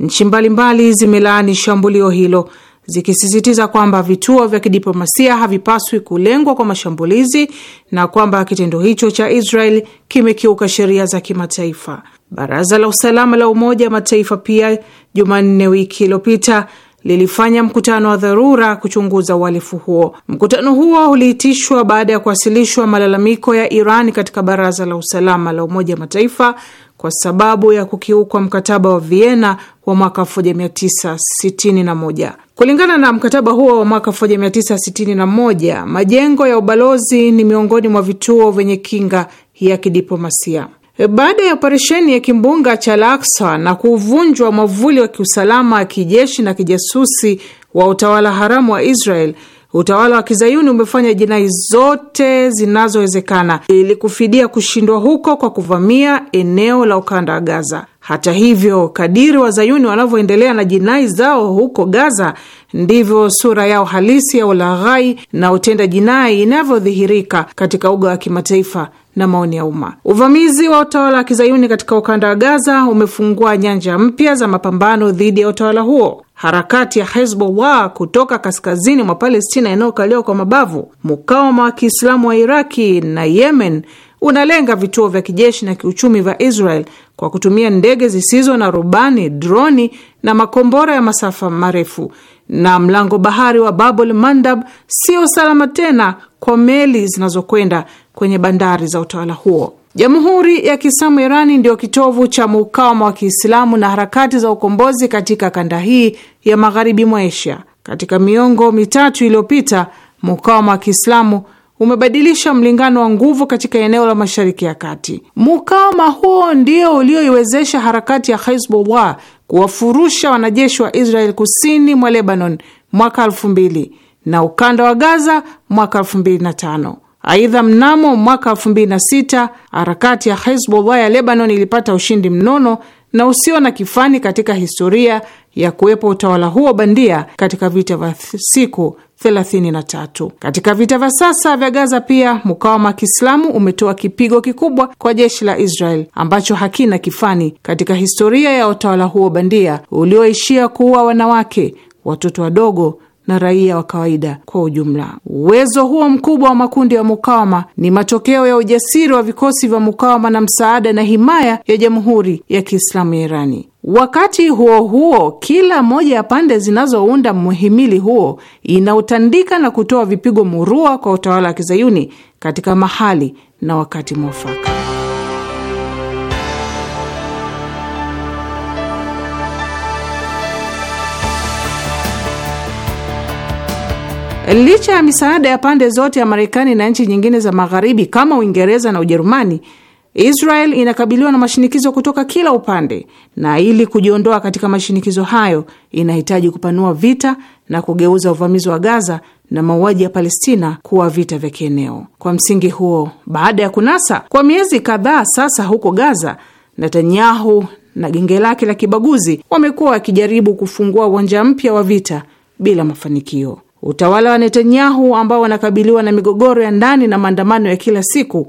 Nchi mbalimbali zimelaani shambulio hilo zikisisitiza kwamba vituo vya kidiplomasia havipaswi kulengwa kwa mashambulizi na kwamba kitendo hicho cha Israel kimekiuka sheria za kimataifa. Baraza la usalama la Umoja wa Mataifa pia Jumanne wiki iliyopita lilifanya mkutano wa dharura kuchunguza uhalifu huo. Mkutano huo uliitishwa baada ya kuwasilishwa malalamiko ya Iran katika Baraza la Usalama la Umoja wa Mataifa kwa sababu ya kukiukwa mkataba wa Vienna wa mwaka 1961. Kulingana na mkataba huo wa mwaka 1961, majengo ya ubalozi ni miongoni mwa vituo vyenye kinga ya kidiplomasia. E, baada ya operesheni ya kimbunga cha Al-Aqsa na kuvunjwa mwavuli wa kiusalama, kijeshi na kijasusi wa utawala haramu wa Israel, Utawala wa kizayuni umefanya jinai zote zinazowezekana ili kufidia kushindwa huko kwa kuvamia eneo la ukanda wa Gaza. Hata hivyo, kadiri wazayuni wanavyoendelea na jinai zao huko Gaza, ndivyo sura yao halisi ya ulaghai na utenda jinai inavyodhihirika katika uga wa kimataifa na maoni ya umma. Uvamizi wa utawala wa kizayuni katika ukanda wa Gaza umefungua nyanja mpya za mapambano dhidi ya utawala huo harakati ya Hezbollah kutoka kaskazini mwa Palestina inayokaliwa kwa mabavu, mukawama wa Kiislamu wa Iraki na Yemen unalenga vituo vya kijeshi na kiuchumi vya Israel kwa kutumia ndege zisizo na rubani, droni na makombora ya masafa marefu. Na mlango bahari wa Babul Mandab sio salama tena kwa meli zinazokwenda kwenye bandari za utawala huo. Jamhuri ya Kiislamu Irani ndiyo kitovu cha mukawama wa Kiislamu na harakati za ukombozi katika kanda hii ya magharibi mwa Asia. Katika miongo mitatu iliyopita, mukawama wa Kiislamu umebadilisha mlingano wa nguvu katika eneo la Mashariki ya Kati. Mukawama huo ndio ulioiwezesha harakati ya Hezbollah kuwafurusha wanajeshi wa Israel kusini mwa Lebanon mwaka elfu mbili na ukanda wa Gaza mwaka elfu mbili na tano. Aidha, mnamo mwaka 2006 harakati ya Hezbollah ya Lebanon ilipata ushindi mnono na usio na kifani katika historia ya kuwepo utawala huo bandia katika vita vya siku 33. Katika vita vya sasa vya Gaza pia mukawama wa Kiislamu umetoa kipigo kikubwa kwa jeshi la Israel ambacho hakina kifani katika historia ya utawala huo bandia ulioishia kuua wanawake, watoto wadogo na raia wa kawaida kwa ujumla. Uwezo huo mkubwa wa makundi ya mukawama ni matokeo ya ujasiri wa vikosi vya mukawama na msaada na himaya ya Jamhuri ya Kiislamu ya Irani. Wakati huo huo, kila moja ya pande zinazounda mhimili huo inautandika na kutoa vipigo murua kwa utawala wa kizayuni katika mahali na wakati mwafaka. Licha ya misaada ya pande zote ya Marekani na nchi nyingine za magharibi kama Uingereza na Ujerumani, Israel inakabiliwa na mashinikizo kutoka kila upande, na ili kujiondoa katika mashinikizo hayo inahitaji kupanua vita na kugeuza uvamizi wa Gaza na mauaji ya Palestina kuwa vita vya kieneo. Kwa msingi huo, baada ya kunasa kwa miezi kadhaa sasa huko Gaza, Netanyahu na genge lake la kibaguzi wamekuwa wakijaribu kufungua uwanja mpya wa vita bila mafanikio. Utawala wa Netanyahu ambao wanakabiliwa na migogoro ya ndani na maandamano ya kila siku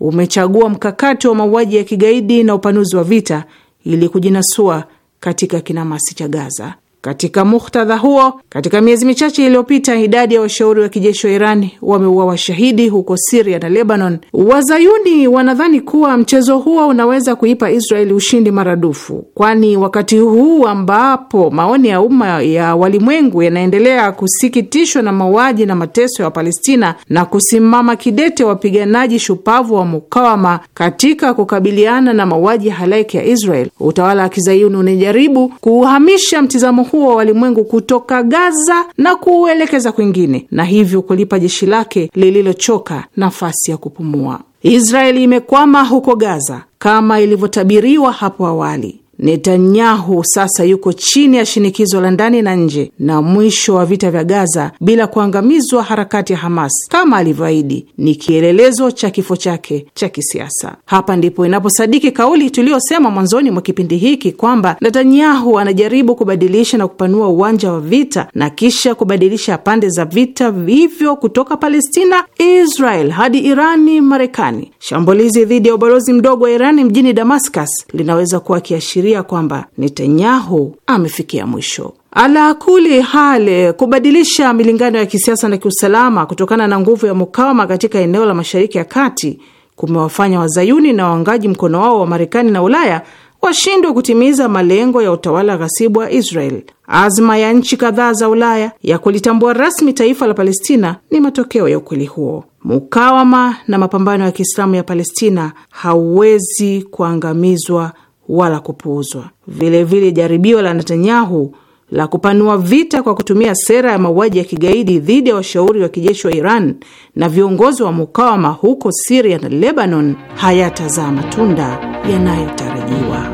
umechagua mkakati wa mauaji ya kigaidi na upanuzi wa vita ili kujinasua katika kinamasi cha Gaza. Katika muktadha huo, katika miezi michache iliyopita, idadi ya washauri wa kijeshi wa Iran wameua washahidi huko Siria na Lebanon. Wazayuni wanadhani kuwa mchezo huo unaweza kuipa Israeli ushindi maradufu, kwani wakati huu ambapo maoni ya umma ya walimwengu yanaendelea kusikitishwa na mauaji na mateso ya Wapalestina na kusimama kidete wapiganaji shupavu wa mukawama katika kukabiliana na mauaji halaiki ya Israel, utawala wa kizayuni unajaribu kuhamisha mtizamo huo wa walimwengu kutoka Gaza na kuuelekeza kwingine, na hivyo kulipa jeshi lake lililochoka nafasi ya kupumua. Israeli imekwama huko Gaza kama ilivyotabiriwa hapo awali. Netanyahu sasa yuko chini ya shinikizo la ndani na nje na mwisho wa vita vya Gaza bila kuangamizwa harakati ya Hamas kama alivyoahidi ni kielelezo cha kifo chake cha kisiasa. Hapa ndipo inaposadiki kauli tuliyosema mwanzoni mwa kipindi hiki kwamba Netanyahu anajaribu kubadilisha na kupanua uwanja wa vita na kisha kubadilisha pande za vita hivyo kutoka Palestina, Israel hadi Irani, Marekani. Shambulizi dhidi ya ubalozi mdogo wa Irani mjini Damascus linaweza kuwa kiashiria kuashiria kwamba Netanyahu amefikia mwisho. Ala kuli hale, kubadilisha milingano ya kisiasa na kiusalama kutokana na nguvu ya mukawama katika eneo la Mashariki ya Kati kumewafanya wazayuni na waungaji mkono wao wa Marekani na Ulaya washindwe kutimiza malengo ya utawala ghasibu wa Israel. Azma ya nchi kadhaa za Ulaya ya kulitambua rasmi taifa la Palestina ni matokeo ya ukweli huo. Mukawama na mapambano ya Kiislamu ya Palestina hauwezi kuangamizwa wala kupuuzwa. Vilevile, jaribio la Netanyahu la kupanua vita kwa kutumia sera ya mauaji ya kigaidi dhidi ya washauri wa kijeshi wa Iran na viongozi wa mukawama huko Siria na Lebanon hayatazaa matunda yanayotarajiwa.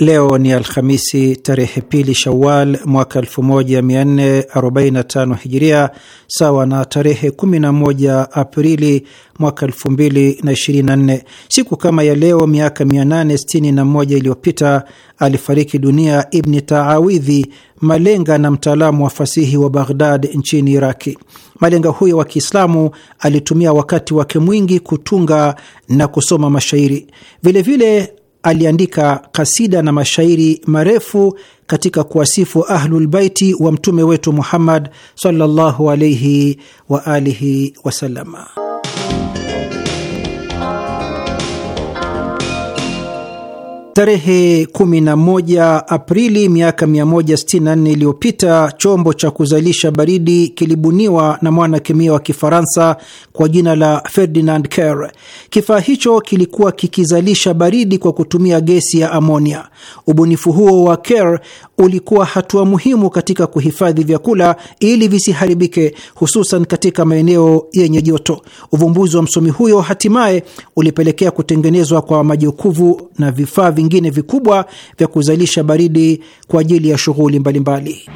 Leo ni Alhamisi tarehe pili Shawal mwaka 1445 Hijiria, sawa na tarehe 11 Aprili mwaka 2024. Siku kama ya leo miaka 861 iliyopita alifariki dunia Ibni Taawidhi, malenga na mtaalamu wa fasihi wa Baghdad nchini Iraki. Malenga huyo wa Kiislamu alitumia wakati wake mwingi kutunga na kusoma mashairi vilevile vile, aliandika kasida na mashairi marefu katika kuwasifu Ahlulbaiti wa mtume wetu Muhammad sallallahu alaihi wa alihi wasalama. Tarehe 11 Aprili miaka 164 iliyopita chombo cha kuzalisha baridi kilibuniwa na mwanakemia wa Kifaransa kwa jina la Ferdinand Care. Kifaa hicho kilikuwa kikizalisha baridi kwa kutumia gesi ya amonia. Ubunifu huo wa Care ulikuwa hatua muhimu katika kuhifadhi vyakula ili visiharibike, hususan katika maeneo yenye joto. Uvumbuzi wa msomi huyo hatimaye ulipelekea kutengenezwa kwa majokofu na vifaa vingine vikubwa vya kuzalisha baridi kwa ajili ya shughuli mbalimbali.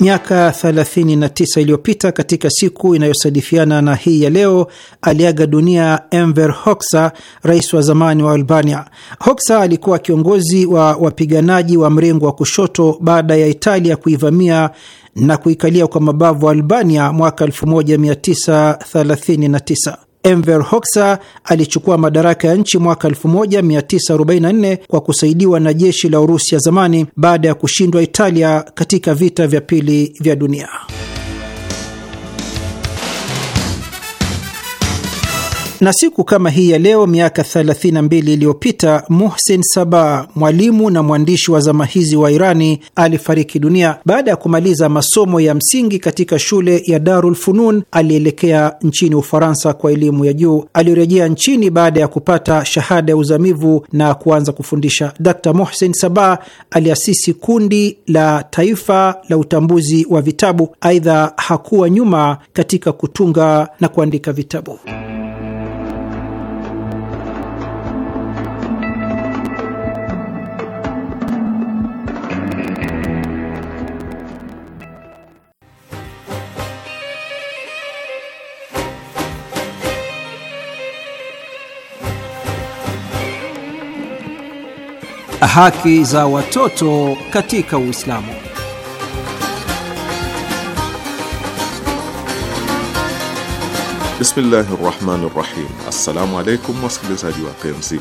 Miaka 39 iliyopita katika siku inayosadifiana na hii ya leo aliaga dunia Enver Hoxha, rais wa zamani wa Albania. Hoxha alikuwa kiongozi wa wapiganaji wa mrengo wa kushoto baada ya Italia kuivamia na kuikalia kwa mabavu Albania mwaka 1939. Enver Hoxha alichukua madaraka ya nchi mwaka 1944 kwa kusaidiwa na jeshi la Urusi ya zamani baada ya kushindwa Italia katika vita vya pili vya dunia. Na siku kama hii ya leo miaka 32 iliyopita Muhsin Saba, mwalimu na mwandishi wa zama hizi wa Irani, alifariki dunia. Baada ya kumaliza masomo ya msingi katika shule ya Darul Funun, alielekea nchini Ufaransa kwa elimu ya juu. Alirejea nchini baada ya kupata shahada ya uzamivu na kuanza kufundisha. Dr Muhsin Saba aliasisi kundi la taifa la utambuzi wa vitabu. Aidha, hakuwa nyuma katika kutunga na kuandika vitabu. Haki za watoto katika Uislamu. Bismillahi rahmani rahim. Assalamu alaikum wasikilizaji wapenzi,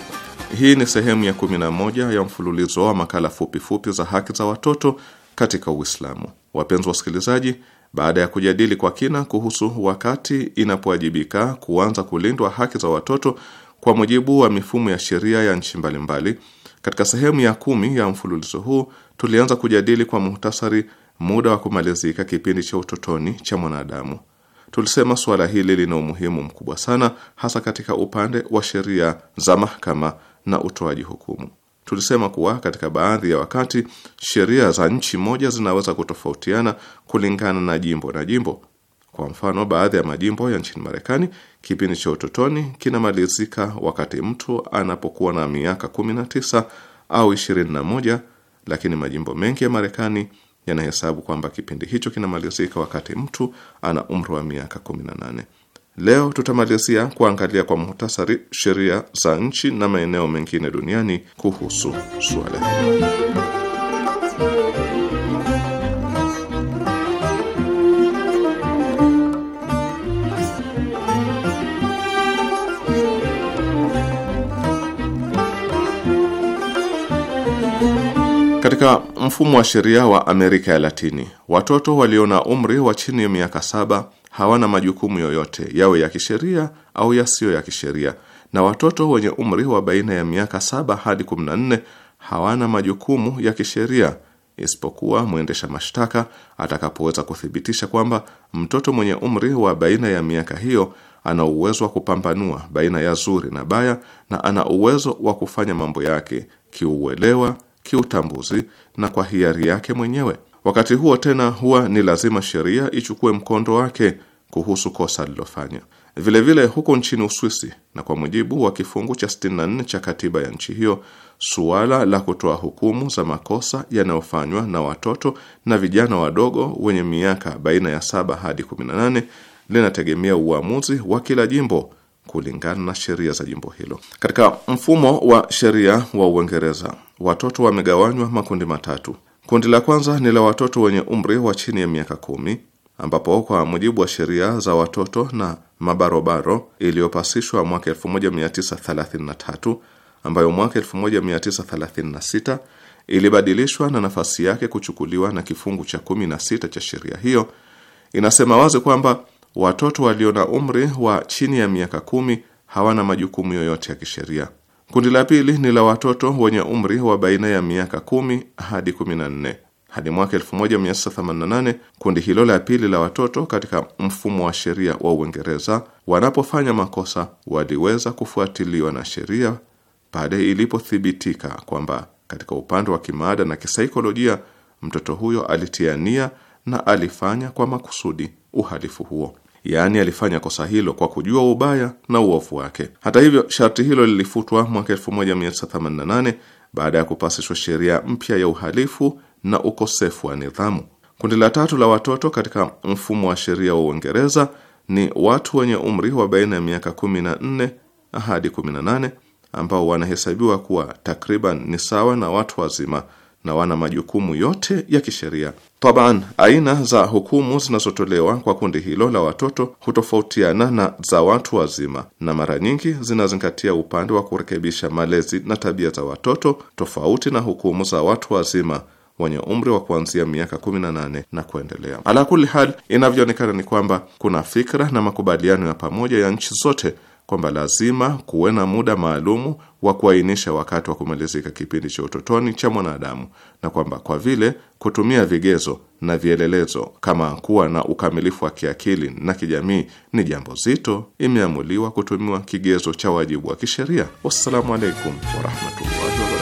hii ni sehemu ya 11 ya mfululizo wa makala fupifupi za haki za watoto katika Uislamu. Wapenzi wasikilizaji, baada ya kujadili kwa kina kuhusu wakati inapowajibika kuanza kulindwa haki za watoto kwa mujibu wa mifumo ya sheria ya nchi mbalimbali mbali, katika sehemu ya kumi ya mfululizo huu tulianza kujadili kwa muhtasari muda wa kumalizika kipindi cha utotoni cha mwanadamu. Tulisema suala hili lina umuhimu mkubwa sana, hasa katika upande wa sheria za mahakama na utoaji hukumu. Tulisema kuwa katika baadhi ya wakati sheria za nchi moja zinaweza kutofautiana kulingana na jimbo na jimbo. Kwa mfano, baadhi ya majimbo ya nchini Marekani, kipindi cha utotoni kinamalizika wakati mtu anapokuwa na miaka 19 au 21, lakini majimbo mengi ya Marekani yanahesabu kwamba kipindi hicho kinamalizika wakati mtu ana umri wa miaka 18. Leo tutamalizia kuangalia kwa muhtasari sheria za nchi na maeneo mengine duniani kuhusu suala hili. Katika mfumo wa sheria wa Amerika ya Latini, watoto walio na umri wa chini ya miaka saba hawana majukumu yoyote yawe ya kisheria au yasiyo ya kisheria, na watoto wenye umri wa baina ya miaka saba hadi 14 hawana majukumu ya kisheria isipokuwa mwendesha mashtaka atakapoweza kuthibitisha kwamba mtoto mwenye umri wa baina ya miaka hiyo ana uwezo wa kupambanua baina ya zuri na baya na ana uwezo wa kufanya mambo yake kiuelewa kiutambuzi na kwa hiari yake mwenyewe. Wakati huo tena, huwa ni lazima sheria ichukue mkondo wake kuhusu kosa alilofanya. Vilevile huko nchini Uswisi, na kwa mujibu wa kifungu cha 64 cha katiba ya nchi hiyo, suala la kutoa hukumu za makosa yanayofanywa na watoto na vijana wadogo wenye miaka baina ya 7 hadi 18 linategemea uamuzi wa kila jimbo kulingana na sheria za jimbo hilo. Katika mfumo wa sheria wa Uingereza, watoto wamegawanywa makundi matatu. Kundi la kwanza ni la watoto wenye umri wa chini ya miaka kumi, ambapo kwa mujibu wa sheria za watoto na mabarobaro iliyopasishwa mwaka 1933 ambayo mwaka 1936 ilibadilishwa na nafasi yake kuchukuliwa na kifungu cha 16 cha sheria hiyo, inasema wazi kwamba watoto walio na umri wa chini ya miaka kumi hawana majukumu yoyote ya kisheria. Kundi la pili ni la watoto wenye umri wa baina ya miaka kumi hadi kumi na nne. Hadi mwaka 1988 kundi hilo la pili la watoto katika mfumo wa sheria wa Uingereza, wanapofanya makosa waliweza kufuatiliwa na sheria pale ilipothibitika kwamba katika upande wa kimaada na kisaikolojia mtoto huyo alitiania na alifanya kwa makusudi uhalifu huo yaani alifanya kosa hilo kwa kujua ubaya na uovu wake. Hata hivyo, sharti hilo lilifutwa mwaka 1988 baada ya kupasishwa sheria mpya ya uhalifu na ukosefu wa nidhamu. Kundi la tatu la watoto katika mfumo wa sheria wa Uingereza ni watu wenye umri wa baina ya miaka 14 hadi 18 ambao wanahesabiwa kuwa takriban ni sawa na watu wazima na wana majukumu yote ya kisheria. Taban, aina za hukumu zinazotolewa kwa kundi hilo la watoto hutofautiana na za watu wazima, na mara nyingi zinazingatia upande wa kurekebisha malezi na tabia za watoto, tofauti na hukumu za watu wazima wenye umri wa kuanzia miaka 18 na kuendelea. Ala kuli hal, inavyoonekana ni kwamba kuna fikra na makubaliano ya pamoja ya nchi zote kwamba lazima kuwe na muda maalumu wa kuainisha wakati wa kumalizika kipindi cha utotoni cha mwanadamu, na kwamba kwa vile kutumia vigezo na vielelezo kama kuwa na ukamilifu wa kiakili na kijamii ni jambo zito, imeamuliwa kutumiwa kigezo cha wajibu wa kisheria. Wassalamu alaikum warahmatullahi wabarakatuh.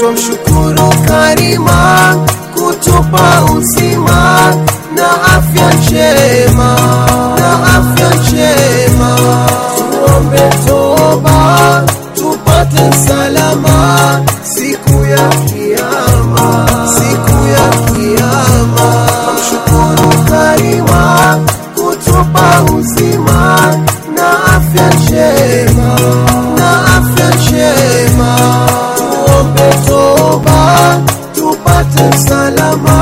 twamshukuru Karima kutupa uzima na afya njema, na afya njema. Tuombe toba tupate salama siku ya kiyama, siku ya kiyama. Twamshukuru Karima kutupa uzima na afya njema a salama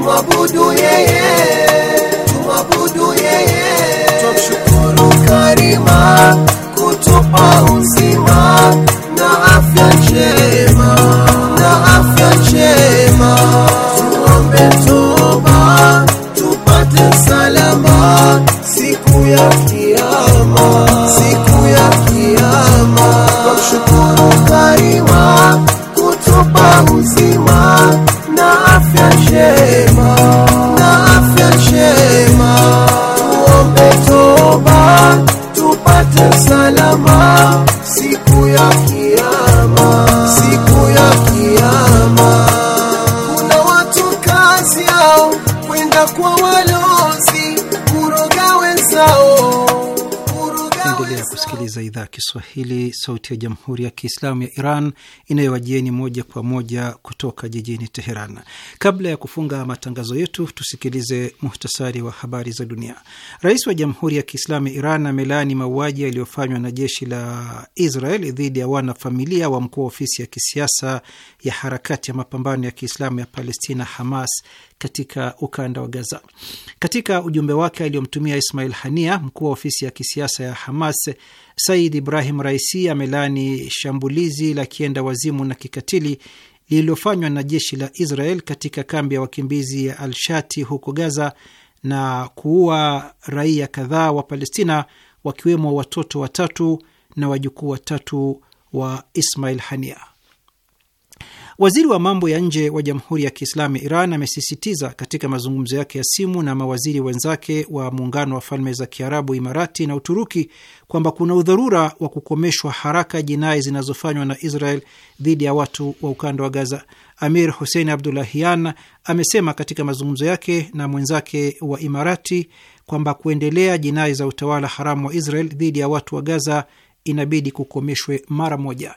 tumwabudu yeye, tumwabudu yeye, tumshukuru Karima kutupa uzima na afya njema, na afya njema, tuombe toba tupate salama siku ya kiyama, siku ya kiyama, tumshukuru Karima kutupa uzima na afya njema It's not Kiswahili, sauti ya jamhuri ya kiislamu ya Iran inayowajieni moja kwa moja kutoka jijini Teheran. Kabla ya kufunga matangazo yetu, tusikilize muhtasari wa habari za dunia. Rais wa jamhuri ya kiislamu ya Iran amelaani mauaji yaliyofanywa na jeshi la Israel dhidi ya wanafamilia wa mkuu wa ofisi ya kisiasa ya harakati ya mapambano ya kiislamu ya Palestina, Hamas, katika ukanda wa Gaza. Katika ujumbe wake aliyomtumia Ismail Hania, mkuu wa ofisi ya kisiasa ya Hamas, Said Ibrahim Raisi amelaani shambulizi la kienda wazimu na kikatili lililofanywa na jeshi la Israel katika kambi ya wakimbizi ya Alshati huko Gaza na kuua raia kadhaa wa Palestina, wakiwemo watoto watatu na wajukuu watatu wa Ismail Hania. Waziri wa mambo ya nje wa Jamhuri ya Kiislamu ya Iran amesisitiza katika mazungumzo yake ya simu na mawaziri wenzake wa Muungano wa Falme za Kiarabu, Imarati na Uturuki kwamba kuna udharura wa kukomeshwa haraka jinai zinazofanywa na Israel dhidi ya watu wa ukanda wa Gaza. Amir Hussein Abdulahian amesema katika mazungumzo yake na mwenzake wa Imarati kwamba kuendelea jinai za utawala haramu wa Israel dhidi ya watu wa Gaza inabidi kukomeshwe mara moja.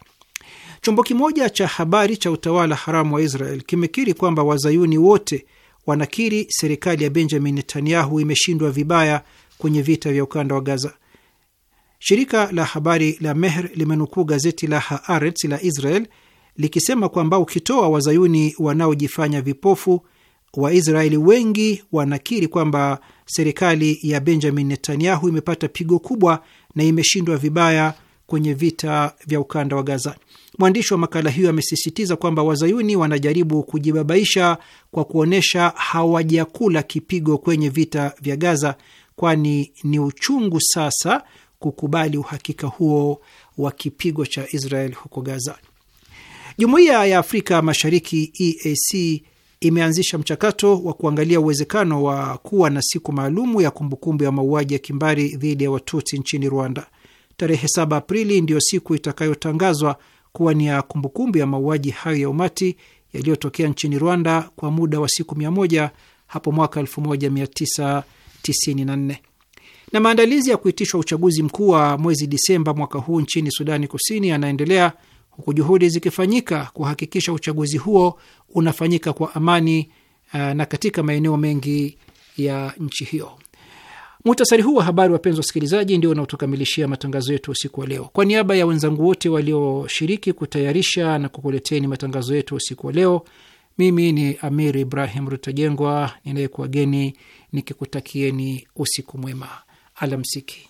Chombo kimoja cha habari cha utawala haramu wa Israel kimekiri kwamba wazayuni wote wanakiri serikali ya Benjamin Netanyahu imeshindwa vibaya kwenye vita vya ukanda wa Gaza. Shirika la habari la Mehr limenukuu gazeti la Haaretz la Israel likisema kwamba ukitoa wazayuni wanaojifanya vipofu, Waisraeli wengi wanakiri kwamba serikali ya Benjamin Netanyahu imepata pigo kubwa na imeshindwa vibaya kwenye vita vya ukanda wa Gaza. Mwandishi wa makala hiyo amesisitiza kwamba wazayuni wanajaribu kujibabaisha kwa kuonyesha hawajakula kipigo kwenye vita vya Gaza, kwani ni uchungu sasa kukubali uhakika huo wa kipigo cha Israel huko Gaza. Jumuiya ya Afrika Mashariki EAC imeanzisha mchakato wa kuangalia uwezekano wa kuwa na siku maalumu ya kumbukumbu ya mauaji ya kimbari dhidi ya Watutsi nchini Rwanda. Tarehe 7 Aprili ndiyo siku itakayotangazwa kuwa ni ya kumbukumbu ya mauaji hayo ya umati yaliyotokea nchini Rwanda kwa muda wa siku 100 hapo mwaka 1994. Na maandalizi ya kuitishwa uchaguzi mkuu wa mwezi Disemba mwaka huu nchini Sudani Kusini yanaendelea huku juhudi zikifanyika kuhakikisha uchaguzi huo unafanyika kwa amani eh, na katika maeneo mengi ya nchi hiyo. Muhtasari huu wa habari, wapenzi wasikilizaji, ndio unaotukamilishia matangazo yetu usiku wa leo. Kwa niaba ya wenzangu wote walioshiriki kutayarisha na kukuleteni matangazo yetu usiku wa leo, mimi ni Amir Ibrahim Rutajengwa ninayekuwageni nikikutakieni usiku mwema, alamsiki.